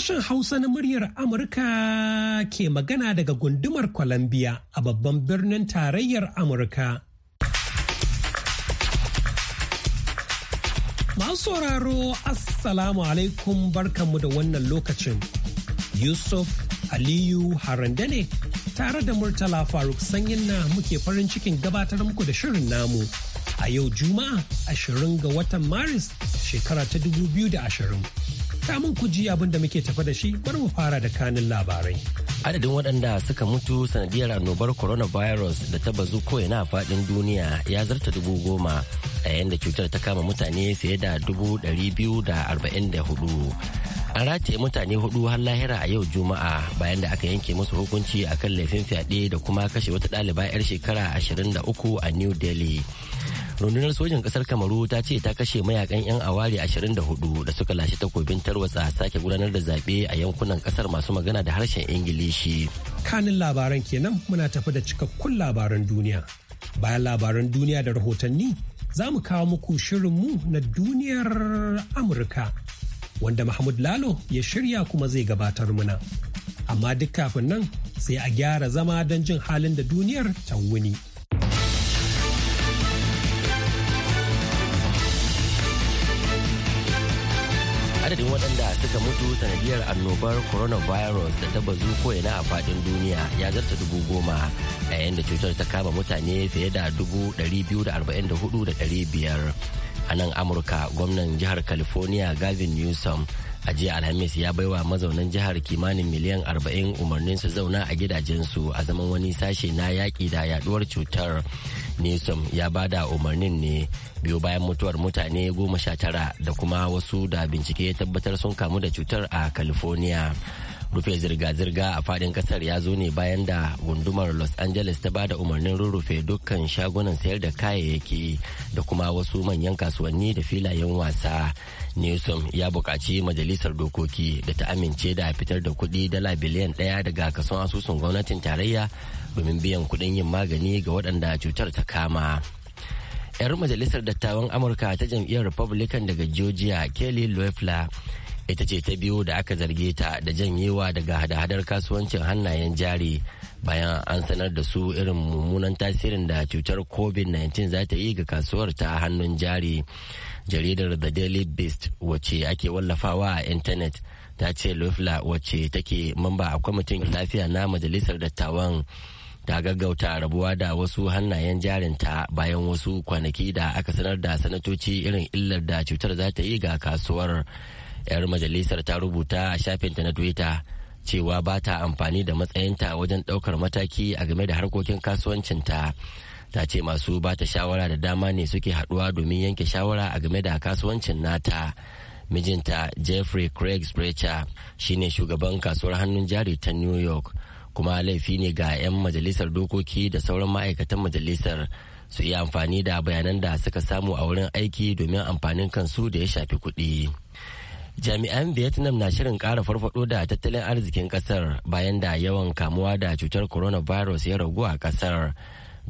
Sashen Hausa na muryar Amurka ke magana daga gundumar Columbia a babban birnin tarayyar Amurka. Masu sauraro Assalamu alaikum barkanmu da wannan lokacin. Yusuf Aliyu Haranda ne tare da Murtala Faruk Sanyin na muke farin cikin gabatar muku da shirin namu. a yau Juma'a ashirin ga watan Maris shekara ta dubu biyu 2020. Kamun ku ji abin da muke tafa da shi bari mu fara da kanin labarai. Adadin waɗanda suka mutu sanadiyar annobar coronavirus da ta bazu ko'ina a faɗin duniya ya zarta dubu goma a yayin da cutar ta kama mutane fiye da dubu ɗari biyu da arba'in da hudu. An rataye mutane hudu har lahira a yau Juma'a bayan da aka yanke musu hukunci akan laifin fyaɗe da kuma kashe wata ɗaliba 'yar shekara ashirin da uku a New Delhi. rundunar sojin kasar kamaru ta ce ta kashe mayakan 'yan awari 24 da suka lashe takobin tarwatsa sake gudanar da zaɓe a yankunan kasar masu magana da harshen ingilishi kanin labaran kenan muna tafi da cikakkun labaran duniya bayan labaran duniya da rahotanni za mu kawo muku shirinmu na duniyar amurka wanda mahmud lalo ya shirya kuma zai gabatar muna amma duk kafin nan sai a gyara zama don jin halin da duniyar ta wuni. suka mutu sanadiyar annobar coronavirus da ta bazu ko'ina a fadin duniya ya zarta dubu goma a yayin da cutar ta kama mutane fiye da dubu ɗari biyu da arba'in da hudu da ɗari biyar a nan amurka gwamnan jihar california gavin newsom a jiya alhamis ya baiwa mazaunan jihar kimanin miliyan 40 umarnin su zauna a gidajensu a zaman wani sashe na yaƙi da yaduwar cutar nisom ya bada umarnin ne biyu bayan mutuwar mutane goma sha tara da kuma wasu da bincike ya tabbatar sun kamu da cutar a california rufe zirga-zirga a fadin kasar ya zo ne bayan da gundumar los angeles ta bada umarnin rurrufe dukkan shagunan sayar da kayayyaki da kuma wasu manyan kasuwanni da filayen wasa newsom ya buƙaci majalisar dokoki da ta amince da fitar da kuɗi dala biliyan ɗaya daga kason asusun gwamnatin tarayya domin biyan kuɗin yin magani ga waɗanda cutar ta kama. 'yar majalisar dattawan amurka ta jam'iyyar republican daga georgia kelly loeffler ita ce ta biyu da aka zarge ta da janyewa daga hada-hadar kasuwancin hannayen jari bayan an sanar da su irin mummunan tasirin da cutar covid-19 za ta yi ga kasuwar ta hannun jari. jaridar the daily beast wacce ake wallafawa a intanet ta ce lufla wacce take mamba a kwamitin lafiya na majalisar dattawan ta gaggauta rabuwa da wasu hannayen jarinta bayan wasu kwanaki da aka sanar da sanatoci irin illar da cutar za ta yi ga kasuwar 'yar majalisar ta rubuta a shafinta na twitter cewa ba ta amfani da matsayinta wajen ɗaukar mataki a game da harkokin kasuwancinta. ta ce masu ba ta shawara da dama ne suke haduwa domin yanke shawara a game da kasuwancin nata mijinta jeffrey craig sprecher shine shugaban kasuwar hannun jari ta new york kuma laifi ne ga 'yan majalisar dokoki da sauran ma'aikatan majalisar su yi amfani da bayanan da suka samu a wurin aiki domin amfanin kansu da ya shafi kuɗi. jami'an vietnam na shirin ƙara farfado da tattalin arzikin ƙasar bayan da yawan kamuwa da cutar coronavirus ya ragu a ƙasar.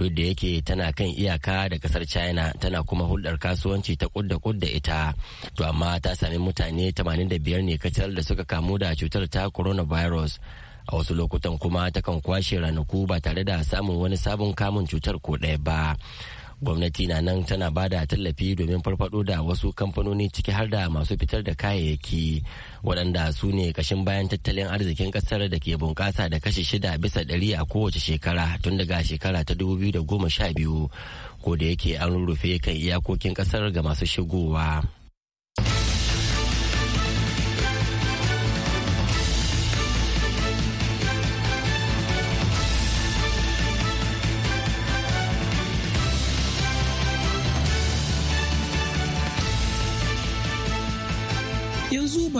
duk da yake tana kan iyaka da kasar china tana kuma hulɗar kasuwanci ta kudda kudda ita to amma ta sami mutane 85 ne kacal da suka kamu da cutar ta coronavirus a wasu lokutan kuma takan kwashe ranaku ba tare da samun wani sabon kamun cutar ko ɗaya ba gwamnati na nan tana ba da tallafi domin farfado da wasu kamfanoni ciki har da masu fitar da kayayyaki waɗanda su ne kashin bayan tattalin arzikin ƙasar da ke bunƙasa da kashi shida bisa ɗari a kowace shekara tun daga shekara ta dubu biyu da goma sha biyu ko da yake an rurrufe kan iyakokin ƙasar ga masu shigowa.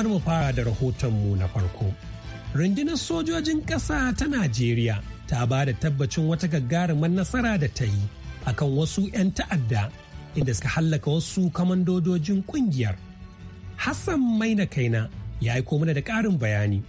bari mu fara da rahotonmu na farko. Rundunar sojojin ƙasa ta Najeriya ta ba da tabbacin wata gagarumar nasara da ta yi akan wasu 'yan ta'adda inda suka hallaka wasu kamandodojin ƙungiyar. Hassan Maina Kaina ya yi komuna da ƙarin bayani.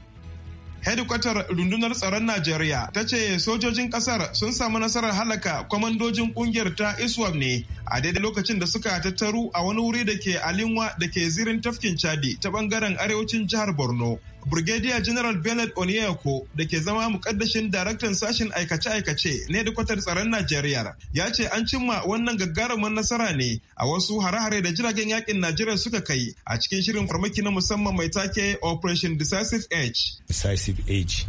hedikwatar rundunar tsaron najeriya ta ce sojojin kasar sun samu nasarar halaka kwamandojin kungiyar ta iswap ne a daidai lokacin da suka tattaru a wani wuri da ke alinwa da ke zirin tafkin chadi ta bangaren arewacin jihar borno Brigadier General Bernard Onyeko da ke zama mukaddashin daraktan sashen aikace-aikace na hedikwatar tsaron Najeriya ya ce an cimma wannan gagarumin nasara ne a wasu hare-hare da jiragen yakin Najeriya suka kai a cikin shirin farmaki na musamman mai take Operation Decisive Edge. Decisive Edge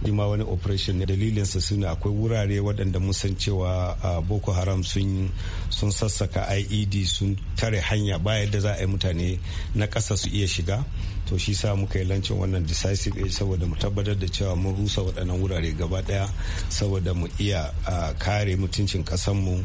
ma wani operation ne dalilinsa su ne akwai wurare waɗanda mun san cewa boko haram sun sassaka ied sun tare hanya bayan da za a yi mutane na ƙasa su iya shiga to shi sa muka yi lancin wannan decisive age eh, saboda mu tabbatar da cewa mun rusa waɗannan wurare gaba ɗaya saboda mu iya ah, kare mutuncin ƙasanmu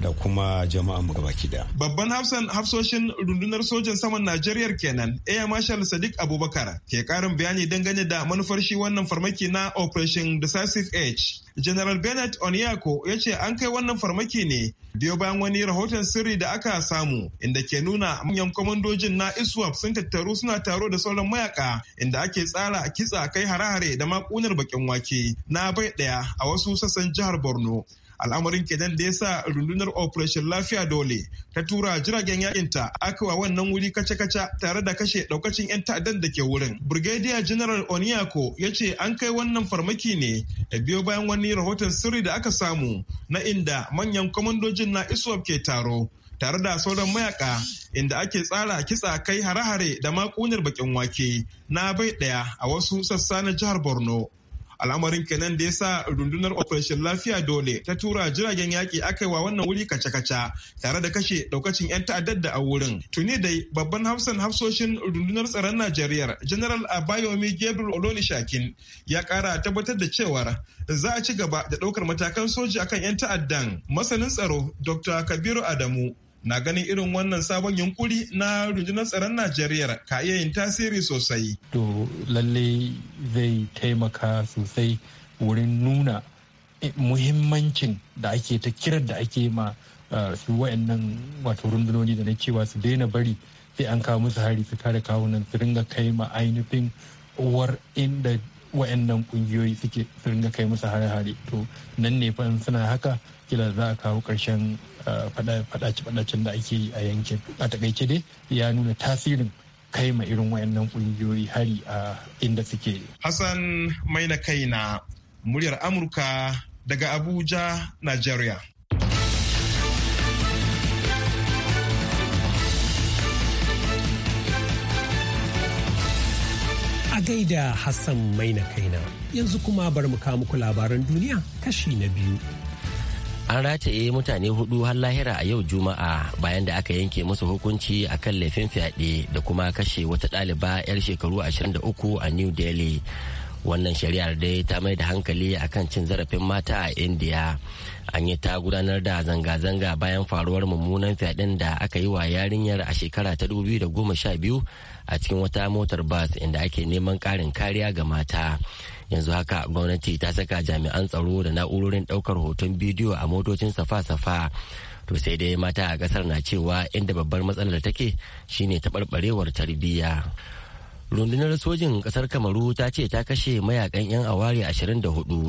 da kuma jama'a mu gabaki da. Babban hafsan hafsoshin rundunar sojan saman Najeriya kenan Air Marshal Sadiq Abubakar ke karin bayani dangane da manufar shi wannan farmaki na Operation Decisive Edge. General Bennett Onyako ya ce an kai wannan farmaki ne biyo bayan wani rahoton sirri da aka samu inda ke nuna manyan kwamandojin na ISWAP sun tattaru suna taro da sauran mayaka inda ake tsara kitsa kai hare-hare da makunar bakin wake na bai daya a wasu sassan jihar Borno. al'amarin kenan da ya sa rundunar operation lafiya dole ta tura jiragen yakinta aka wa wannan wuri kace kaca tare da kashe daukacin 'yan ta'addan da ke wurin brigadier general oniako ya ce an kai wannan farmaki ne da biyo bayan wani rahoton sirri da aka samu na inda manyan kwamandojin na isuwa ke taro tare da sauran mayaka inda ake tsara kitsa kai hare-hare da makunar bakin wake na bai daya a wasu sassa na jihar borno al'amarin kenan da ya sa rundunar operation lafiya dole ta tura jiragen yaƙi aka wa wannan wuri kaca-kaca, tare da kashe daukacin 'yan ta'addar da a wurin tuni dai babban hafsan hafsoshin rundunar tsaron najeriya general abayomi gabriel olonishakin ya kara tabbatar da cewar za a ci gaba da ɗaukar matakan soji akan 'yan ta'addan masanin tsaro dr kabiru adamu na ganin irin wannan sabon yunkuri na rundunar tsaron najeriya ka iya yin tasiri sosai to lalle zai taimaka sosai wurin nuna muhimmancin da ake ta kirar da ake ma uh, su wayannan wato rundunoni da na cewa su daina bari sai an kawo musu hari su kare kawunan su ringa kai ma ainihin uwar inda wa'annan kungiyoyi suke su ringa kai musu hare-hare to nan ne fa suna haka kila za a kawo ƙarshen faɗace-faɗacen da ake yi a yankin a takaice dai ya nuna tasirin kai ma irin wayannan ƙungiyoyi hari a inda suke. Hassan mai na kai na muryar Amurka daga Abuja, Nigeria. A gaida Hassan mai na kaina yanzu kuma bar mu kawo muku labaran duniya kashi na biyu. an rataye mutane hudu har lahira a yau juma'a bayan da aka yanke musu hukunci a kan laifin fyaɗe da kuma kashe wata ɗaliba 'yar shekaru 23 a new delhi wannan shari'ar dai ta mai da hankali a kan cin zarafin mata a india an yi ta gudanar da zanga-zanga bayan faruwar mummunan fyaɗen da aka yi wa yarinyar a shekara ta 2012 a cikin wata motar bas inda ake neman ƙarin kariya ga mata yanzu haka gwamnati ta saka jami'an tsaro da na'urorin daukar hoton bidiyo a motocin safa-safa to sai dai mata a kasar na cewa inda babbar matsalar take shine taɓarɓarewar tarbiyya rundunar sojin kasar kamaru ta ce ta kashe mayakan 'yan awari 24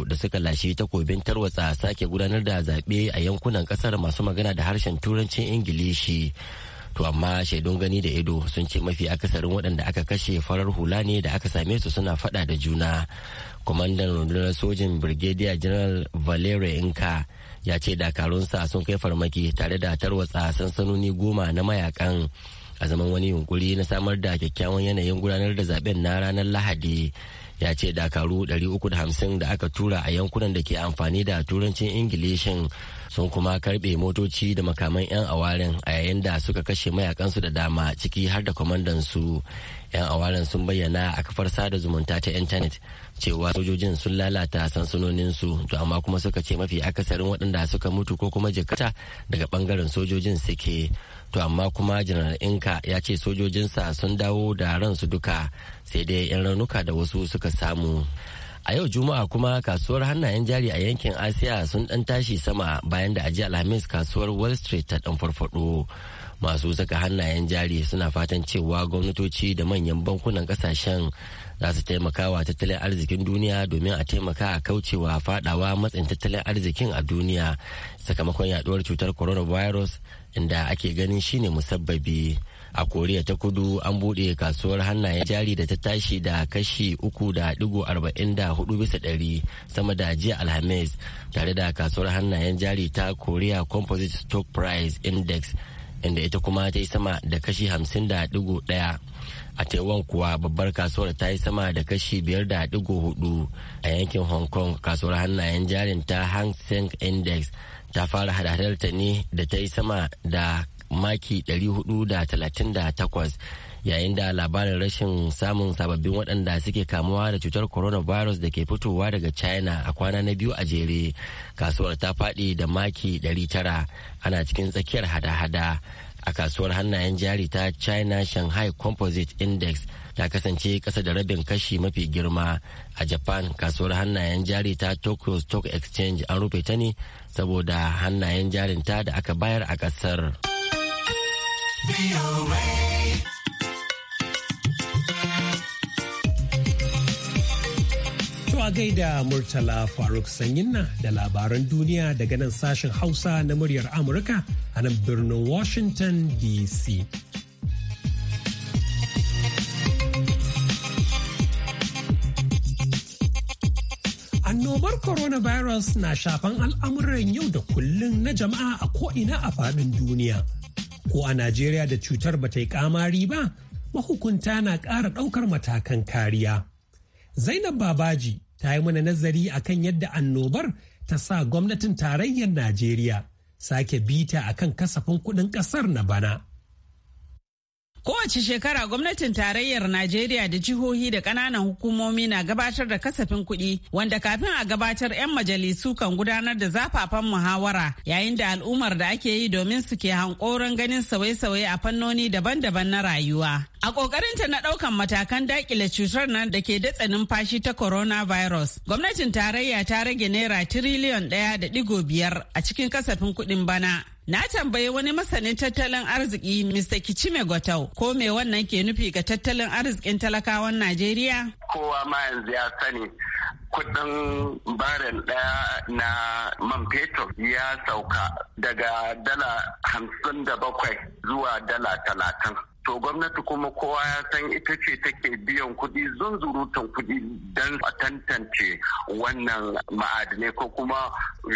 da suka lashe takobin tarwatsa sake gudanar da zaɓe a yankunan kasar masu magana da harshen turancin ingilishi to amma shaidun gani da ido sun ce mafi akasarin waɗanda aka kashe farar hula ne da aka same su suna faɗa da juna kwamandan rundunar sojin birgediya general valerie inka ya ce dakarunsa sun kai farmaki tare da tarwatsa sansanoni goma na mayakan a zaman wani yunkuri na samar da kyakkyawan yanayin gudanar da zaben na ranar lahadi ya ce dakaru 350 da aka tura a yankunan da ke amfani da turancin ingilishin sun kuma karbe motoci da makaman 'yan awarin a yayin da suka kashe mayakansu da dama ciki har da kwamandansu 'yan awarin sun bayyana a kafar sada zumunta ta intanet cewa sojojin sun lalata sansanoninsu to amma kuma suka ce mafi akasarin waɗanda suka mutu ko kuma jikata daga ɓangaren sojojin suke to amma kuma janar inka ya ce sojojinsa sun dawo da ransu duka sai dai 'yan raunuka da wasu suka samu a yau juma'a kuma kasuwar hannayen jari a yankin asiya sun dan tashi sama bayan da ajiya alhamis kasuwar wall street ta dan farfado masu saka hannayen jari suna fatan cewa gwamnatoci da manyan bankunan kasashen za su taimaka wa tattalin arzikin duniya domin a taimaka a kaucewa faɗawa matsin tattalin arzikin a duniya sakamakon yaduwar cutar coronavirus inda ake ganin shine musabbabi a koriya ta kudu an buɗe kasuwar hannayen jari da ta tashi da kashi 3.44 bisa ɗari sama da jiya alhamis tare da kasuwar hannayen jari ta korea composite stock price index inda ita kuma ta yi sama da kashi 50.1 a taiwan kuwa babbar kasuwar ta yi sama da kashi 5.4 a yankin hong kong kasuwar hannayen jarin ta hang seng index ta fara hadadarta ne da ta yi sama da maki 438 yayin da labarin rashin samun sababbin waɗanda suke kamuwa da cutar coronavirus da ke fitowa daga china a kwana na biyu a jere kasuwar ta faɗi da maki 900 ana cikin tsakiyar hada-hada a kasuwar hannayen jari ta china shanghai composite index ta kasance kasa da rabin kashi mafi girma a japan kasuwar hannayen jari ta tokyo stock exchange an rufe ta ne saboda hannayen jarin ta da aka bayar a kasar. a gaida Murtala Faruk Sanyinna da labaran duniya daga nan sashen Hausa na muryar Amurka a nan birnin Washington DC. Coronavirus na shafan al'amuran yau da kullun na jama'a a ko'ina a faɗin duniya. Ko a Najeriya da cutar ba ta yi kamari ba, mahukunta na ƙara ɗaukar matakan kariya. Zainab Babaji ta yi mana nazari a kan yadda annobar ta sa gwamnatin tarayyar Najeriya sake bita a kan kasafin kuɗin ƙasar na bana. Kowace shekara gwamnatin tarayyar Najeriya da jihohi da ƙananan hukumomi na gabatar da kasafin kuɗi wanda kafin a gabatar 'yan majalisu kan gudanar da zafafan muhawara yayin da al'ummar da ake yi domin su ke hankoron ganin sauye-sauye a fannoni daban-daban na rayuwa. A ƙoƙarinta na ɗaukan matakan daƙile cutar nan da ke datse numfashi ta coronavirus, gwamnatin tarayya ta rage naira tiriliyon ɗaya da ɗigo biyar a cikin kasafin kuɗin bana Na tambayi wani masanin tattalin arziki Mr. Kichime Gotau ko me wannan ke nufi ga tattalin arzikin talakawan Najeriya? Kowa ma yanzu ya sani kudin barin daya na man fetur ya sauka daga dala hamsin da bakwai zuwa dala talatin. to gwamnati kuma kowa ya san ita ce take biyan kuɗi zunzurutan kuɗi don a tantance wannan ma'adinai ko kuma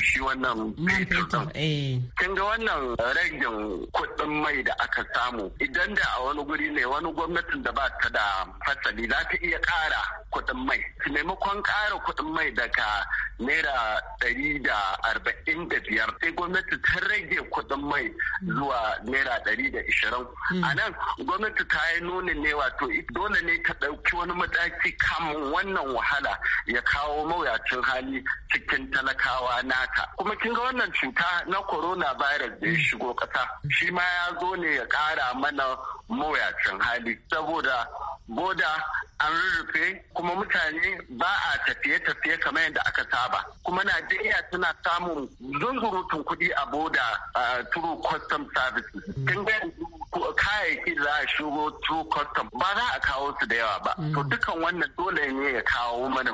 shi wannan fetur eh. kin ga wannan ragin kuɗin mai da aka samu idan da a wani guri ne wani gwamnatin da ba ta da fasali za ta iya ƙara kuɗin mai maimakon ƙara kuɗin mai daga naira ɗari da arba'in da biyar sai gwamnati ta rage kuɗin mai mm. zuwa naira ɗari da ishirin mm. a nan gwamnati ta yi nuni ne wato dole ne ta ɗauki wani mataki kamun wannan wahala ya kawo mawuyacin hali cikin talakawa nata kuma kin ga wannan cuta na corona virus da ya shigo ƙasa shi ma ya zo ne ya ƙara mana mawuyacin hali saboda boda an rurrufe kuma mutane ba a tafiye-tafiye kamar yadda aka saba kuma najeriya tana samun zungurutun kuɗi a boda turu custom services kin kayayyaki za a shigo through custom ba za a kawo su da yawa ba mm. to dukan wannan dole ne ya kawo mana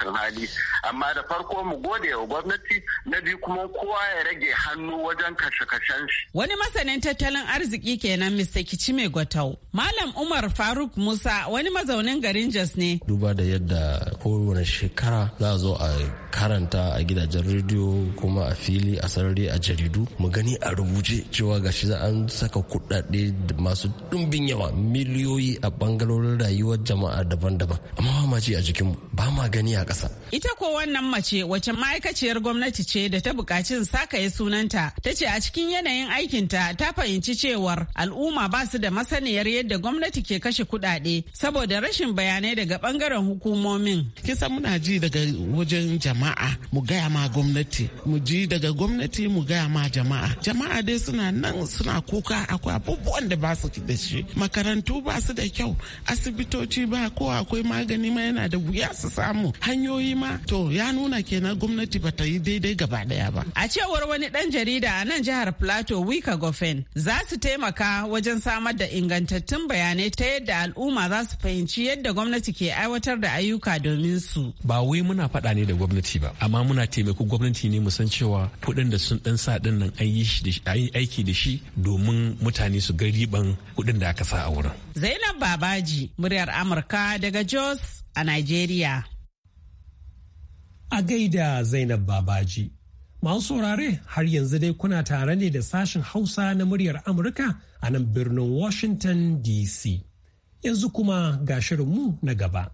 tun hali amma da farko mu gode wa gwamnati na biyu kuma kowa ya rage hannu wajen kashe-kashen shi wani masanin tattalin arziki kenan Mr. mai Gwatau Malam Umar Faruk Musa wani mazaunin garin Jos ne duba da yadda kowane shekara za a zo a karanta a gidajen rediyo kuma a fili a sarari a jaridu mu gani a rubuce cewa gashi za an saka kuɗaɗe kuɗaɗe masu ɗumbin yawa miliyoyi a bangarorin rayuwar jama'a daban-daban amma ba ma a jikinmu ba ma gani a ƙasa. ita ko wannan mace wacce ma'aikaciyar gwamnati ce da ta buƙaci sakaye sunanta ta ce a cikin yanayin aikinta ta fahimci cewar al'umma ba su da masaniyar yadda gwamnati ke kashe kuɗaɗe saboda rashin bayanai daga bangaren hukumomin. kisa muna ji daga wajen jama'a mu gaya ma gwamnati mu ji daga gwamnati mu gaya ma jama'a jama'a dai suna nan suna kuka akwai abubuwa wanda ba su da shi makarantu ba su da kyau asibitoci ba ko akwai magani ma yana da wuya su samu hanyoyi ma to ya nuna kenan gwamnati ba ta yi daidai gaba daya ba a cewar wani dan jarida a nan jihar plateau wika gofen za su taimaka wajen samar da ingantattun bayanai ta yadda al'umma za su fahimci yadda gwamnati ke aiwatar da ayyuka domin su ba wai muna faɗa ne da gwamnati ba amma muna taimako gwamnati ne mu san cewa kuɗin da sun dan sa ɗin nan aiki da shi domin mutane su ga riban kuɗin da aka sa a wurin. Zainab Babaji, muryar Amurka daga Jos a Nigeria. A gaida Zainab Babaji. Masu saurare har yanzu dai kuna tare ne da sashen Hausa na muryar Amurka a nan birnin Washington DC. Yanzu kuma ga shirinmu na gaba.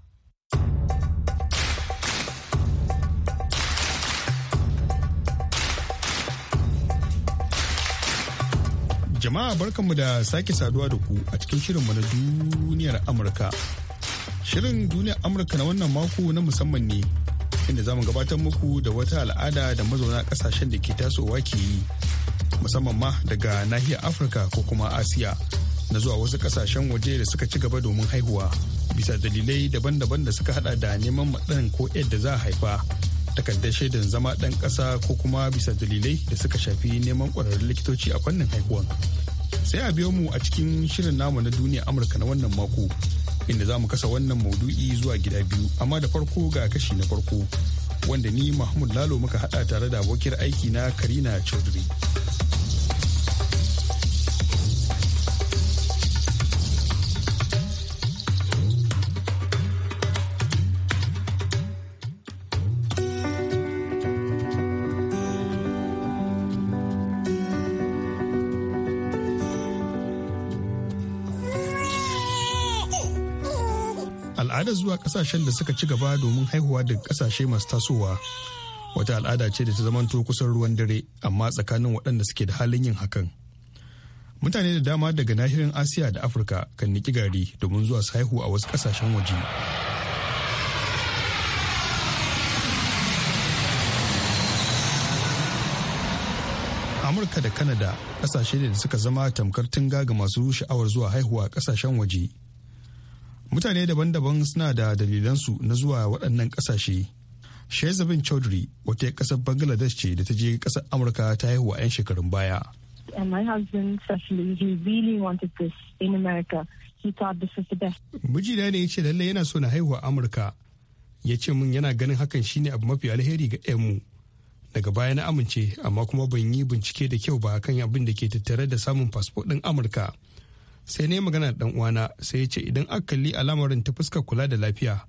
Jama'a barkanmu da sake saduwa da ku a cikin shirinmu na duniyar Amurka. Shirin duniyar Amurka na wannan mako na musamman ne inda za mu gabatar muku da wata al'ada da mazauna kasashen da ke tasowa ke yi musamman ma daga nahiyar Afirka ko kuma Asiya na zuwa wasu kasashen waje da suka ci gaba domin haihuwa bisa dalilai daban-daban da suka hada da neman maɗan ko yadda za a haifa takardar shaidan zama ɗan ƙasa ko kuma bisa dalilai da suka shafi neman ƙwararrun likitoci a fannin haihuwan sai a biyo mu a cikin shirin namu na duniya amurka na wannan mako inda za mu kasa wannan maudu'i zuwa gida biyu amma da farko ga kashi na farko wanda ni mahmud lalo muka haɗa tare da abokiyar aiki na karina chaudhry zuwa kasashen da suka ci gaba domin haihuwa daga kasashe masu tasowa wata al'ada ce da ta zamanto kusan ruwan dare amma tsakanin waɗanda suke da halin yin hakan mutane da dama daga nahirin asiya da afirka kan niki gari domin zuwa su haihu a wasu kasashen waje amurka da kanada kasashe ne da suka zama tamkar tunga ga masu sha'awar zuwa haihuwa a kasashen waje mutane daban-daban suna da dalilansu na zuwa waɗannan ƙasashe shezabin chaudhry wata ƙasar bangladesh ce da ta je ƙasar amurka ta haihu a 'yan shekarun baya mijina ne ya ce lallai yana so na haihuwa amurka ya ce min yana ganin hakan shine abu mafi alheri ga 'yanmu daga baya na amince amma kuma ban yi bincike da kyau ba kan abin da ke tattare da samun fasfo ɗin amurka sai ne magana da uwana sai ya ce idan aka kalli alamarin ta fuskar kula da lafiya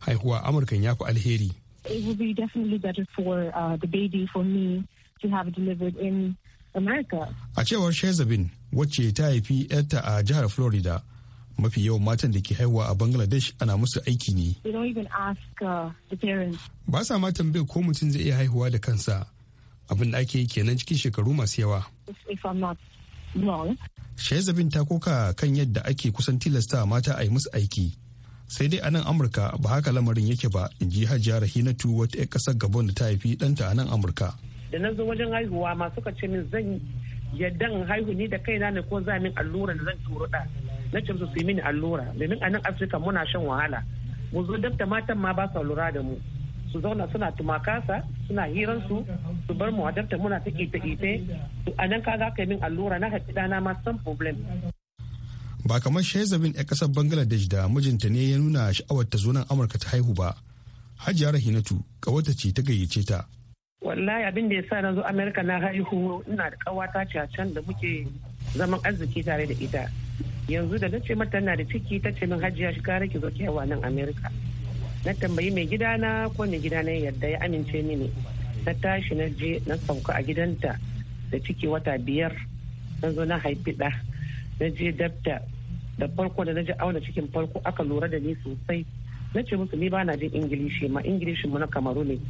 haihuwa amurkan ya fi alheri it be definitely better uh, for me to have delivered in America. A cewar Shezabin wacce ta haifi yarta a jihar Florida mafi yawan matan da ke haihuwa a Bangladesh ana musu aiki ne. Uh, ba sa matan bai ko mutum zai iya haihuwa da kansa abin da ake yi kenan cikin shekaru masu yawa. shezabin ta koka kan yadda ake kusan tilasta mata a yi musu aiki sai dai a nan amurka ba haka lamarin yake ba in ji hajiya rahinatu wata 'yan kasar gabon da ta haifi ɗanta a nan amurka da na zo wajen haihuwa ma suka ce min zan yadda in haihu ni da kaina ne ko za min allura da zan turo da na ce su yi mini allura domin a nan afirka muna shan wahala mu zo dabta matan ma ba sa lura da mu su zauna suna tumakasa suna hiransu su bar mu wadanta muna ta ife-ife a nan kaga yi min allura na haɗi ɗana ma san problem. ba kamar shezabin ya ƙasar bangladesh da mijinta ne ya nuna sha'awar ta zo nan amurka ta haihu ba hajiya rahinatu wata ce ta gayyace ta wallahi abin da ya sa na zo amurka na haihu ina da kawata ce can da muke zaman arziki tare da ita yanzu da na ce mata na da ciki ta ce min hajiya shi kare ki zo ki yawa nan amurka na tambayi mai gidana ko mai gidana yadda ya amince mini na tashi na je na sauka a gidanta da ciki wata biyar na zo na haifi ɗa na je dabta da farko da na ji auna cikin farko aka lura da ni sosai na ce musu ni ba na jin ingilishi ma ingilishi mu na kamaru ne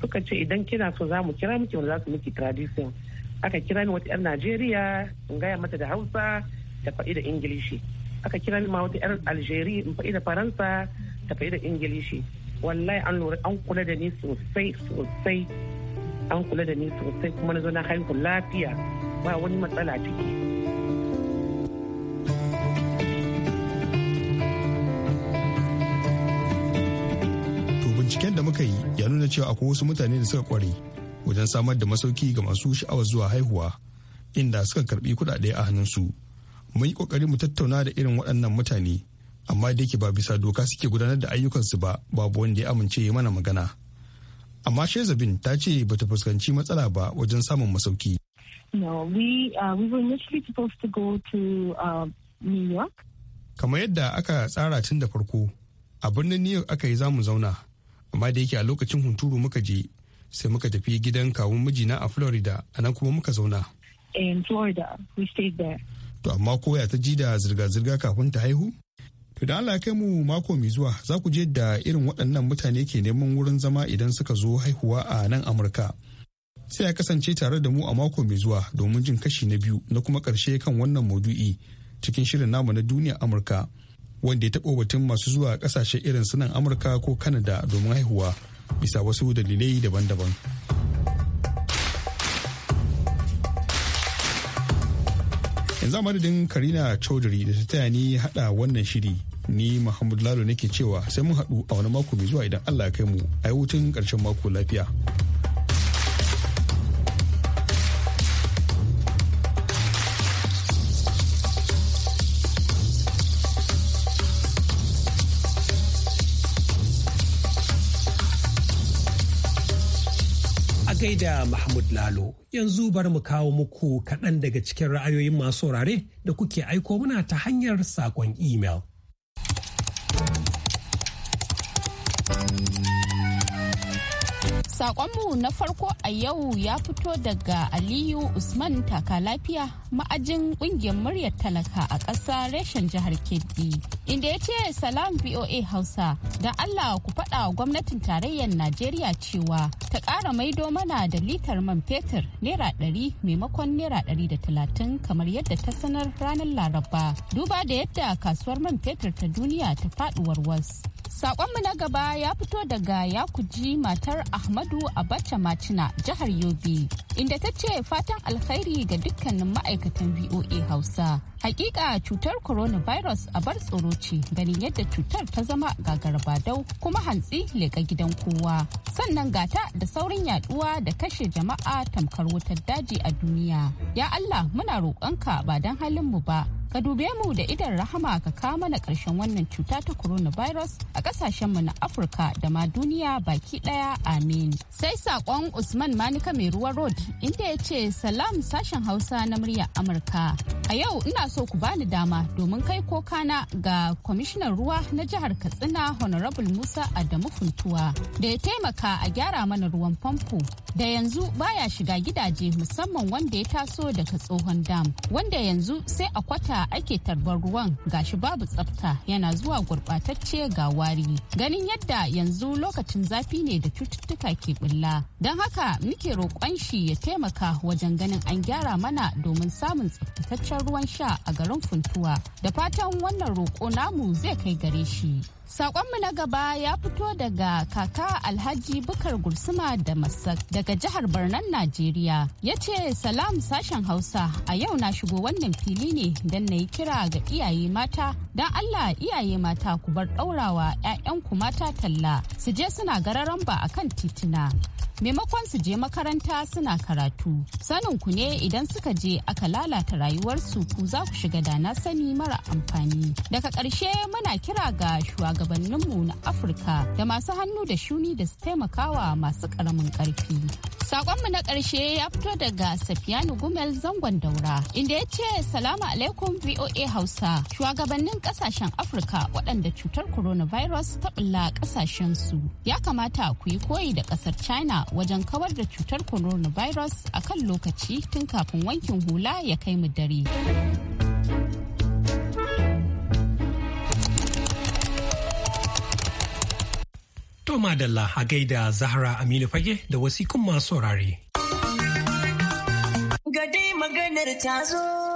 suka ce idan kina so za mu kira miki wanda za su miki tradition aka kira ni wata 'yar najeriya in gaya mata da hausa da faɗi da ingilishi aka kira ni ma wata 'yar algeri in faɗi da faransa littattafai da ingilishi wallahi an lura an kula da ni sosai sosai an kula da ni sosai kuma na zo na haihu lafiya ba wani matsala ciki. binciken da muka yi ya nuna cewa akwai wasu mutane da suka kware wajen samar da masauki ga masu sha'awar zuwa haihuwa inda suka karbi kudade a hannunsu mun yi kokari mu tattauna da irin waɗannan mutane amma da yake ba bisa doka suke gudanar da ayyukansu ba babu wanda ya amince ya mana magana amma shezabin ta ce bata fuskanci matsala ba wajen samun masauki uh, uh, Kamar yadda aka tsara tun da farko, a birnin New York aka yi zamu zauna, amma da yake a lokacin hunturu muka je, sai muka tafi gidan kawun mijina a Florida, a nan kuma muka zauna. In To amma koya ta ji da zirga-zirga kafin ta haihu? To da Allah kai mu mako mai zuwa za ku je da irin waɗannan mutane ke neman wurin zama idan suka zo haihuwa a nan Amurka. Sai ya kasance tare da mu a mako mai zuwa domin jin kashi na biyu na kuma ƙarshe kan wannan maudu'i cikin shirin namu na duniya Amurka wanda ya taɓo batun masu zuwa ƙasashe irin su nan Amurka ko Kanada domin haihuwa bisa wasu dalilai daban-daban. yanzu a madadin karina chaudhary da ta taya ni haɗa wannan shiri ni Muhammadu Lalo nake cewa sai mun haɗu a wani mako mai zuwa idan Allah ya kai mu a hutun ƙarshen mako lafiya. gaida Mahmud Lalo yanzu bar mu kawo muku kaɗan daga cikin ra'ayoyin masu saurare da kuke aiko muna ta hanyar saƙon imel. Sakonmu na farko a yau ya fito daga Aliyu Usman taka lafiya ma'ajin kungiyar muryar talaka a ƙasa reshen jihar Kebbi. Inda ya ce salam VOA Hausa da Allah ku faɗa gwamnatin tarayyar Najeriya cewa ta ƙara maido mana da litar man fetur naira ɗari maimakon naira ɗari da talatin kamar yadda ta sanar ranar Laraba. Duba da yadda kasuwar man fetur ta duniya ta faɗuwar wasu. Sakonmu na gaba ya fito daga Yakuji matar Ahmadu a Abacha Macina jihar Yobe inda ta ce fatan alkhairi ga dukkanin ma'aikatan VOA Hausa. Hakika cutar coronavirus a bar tsoro ce ganin yadda cutar ta zama Garba dau kuma hantsi leka gidan kowa. Sannan gata da saurin yaduwa da kashe jama'a tamkar wutar daji a duniya. Ya Allah muna roƙonka ba don halin mu ba ka dube mu da idan rahama ka kama na ƙarshen wannan cuta ta coronavirus a mu na Afirka da ma duniya baki ɗaya amin. Sai saƙon Usman Manika mai ruwa road inda ya ce salam sashen Hausa na murya Amurka. A yau ina so ku bani dama domin kai ko kana ga kwamishinan ruwa na jihar Katsina Honorable Musa Adamu Funtuwa da ya taimaka a gyara mana ruwan famfo da yanzu baya shiga gidaje musamman wanda ya taso daga tsohon dam wanda yanzu sai a kwata ake tarbar ruwan gashi babu tsafta yana zuwa gurɓatacce ga wari ganin yadda yanzu lokacin zafi ne da cututtuka ke bulla don haka muke roƙon shi ya taimaka wajen ganin an gyara mana domin samun tsaftataccen ruwan sha a garin funtuwa da fatan wannan roƙo namu zai kai gare shi Sakonmu na gaba ya fito daga kaka Alhaji Bukar Gursuma da Masak daga jihar Barnan Najeriya. Ya ce salam sashen Hausa a yau na shigo wannan fili ne don na yi kira ga iyaye mata don Allah iyaye mata ku bar ɗaurawa 'ya'yanku mata talla su je suna gararan a kan titina. maimakon su je makaranta suna karatu sanin ku ne idan suka je aka lalata rayuwarsu ku za ku shiga da na sani mara amfani daga ƙarshe muna kira ga shugabanninmu na afirka da masu hannu da shuni da su taimakawa masu ƙaramin ƙarfi Sakonmu na ƙarshe ya fito daga Safiyanu Gumel zangon daura inda ya ce salamu alaikum VOA Hausa shugabannin ƙasashen Afirka waɗanda cutar coronavirus ta bulla ƙasashen su ya kamata ku yi koyi da ƙasar China wajen kawar da cutar coronavirus a kan lokaci tun kafin wankin hula ya kai mu dare. To madalla a gaida Zahra Aminu Fage da wasikun masu saurare. Gade maganar ta zo.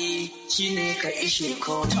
yi shine ka ishe kota.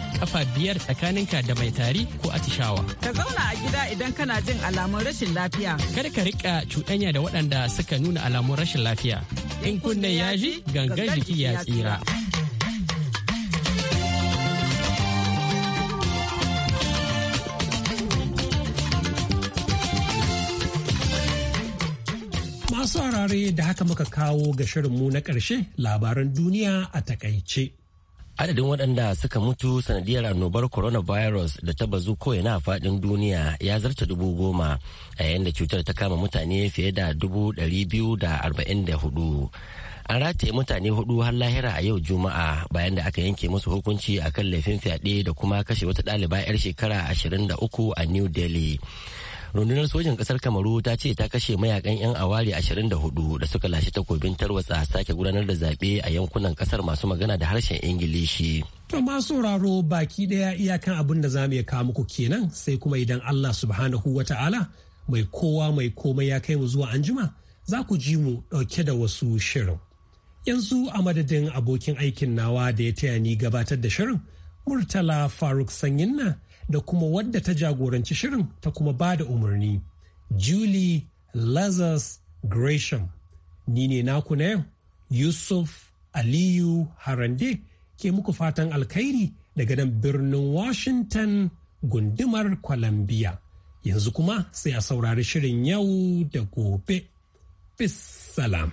kafa biyar tsakaninka da mai tari ko atishawa. Ka zauna a gida idan kana jin alamun rashin lafiya. Kar ka rika cuɗanya da waɗanda suka nuna alamun rashin lafiya. In kunne ya ji gangan jiki ya tsira. Masu harare da haka muka kawo ga shirinmu na ƙarshe labaran duniya a takaice. adadin waɗanda suka mutu sanadiyar annobar coronavirus da ta bazu ko a faɗin duniya ya zarta dubu goma a yayin da cutar ta kama mutane fiye da dubu ɗari biyu da arba'in da hudu an rataye mutane hudu har lahira a yau juma'a bayan da aka yanke musu hukunci akan laifin fyaɗe da kuma kashe wata ɗaliba 'yar shekara ashirin da uku a new delhi rundunar sojin kasar kamaru ta ce ta kashe mayakan 'yan awari 24 da suka lashe takobin tarwatsa sake gudanar da zaɓe a yankunan kasar masu magana da harshen ingilishi to ma sauraro baki daya iyakan abin da za mu iya kawo muku kenan sai kuma idan allah subhanahu wa ta'ala mai kowa mai komai ya kai mu zuwa anjima za ku ji mu ɗauke da wasu shirin yanzu a madadin abokin aikin nawa da ya taya ni gabatar da shirin murtala faruk sanyin na da kuma wadda ta jagoranci shirin ta kuma ba da umarni julie lazarus gresham ni ne naku na yau yusuf aliyu harande ke muku fatan alkhairi daga nan birnin washington gundumar columbia yanzu kuma sai a saurari shirin yau da gobe bis salam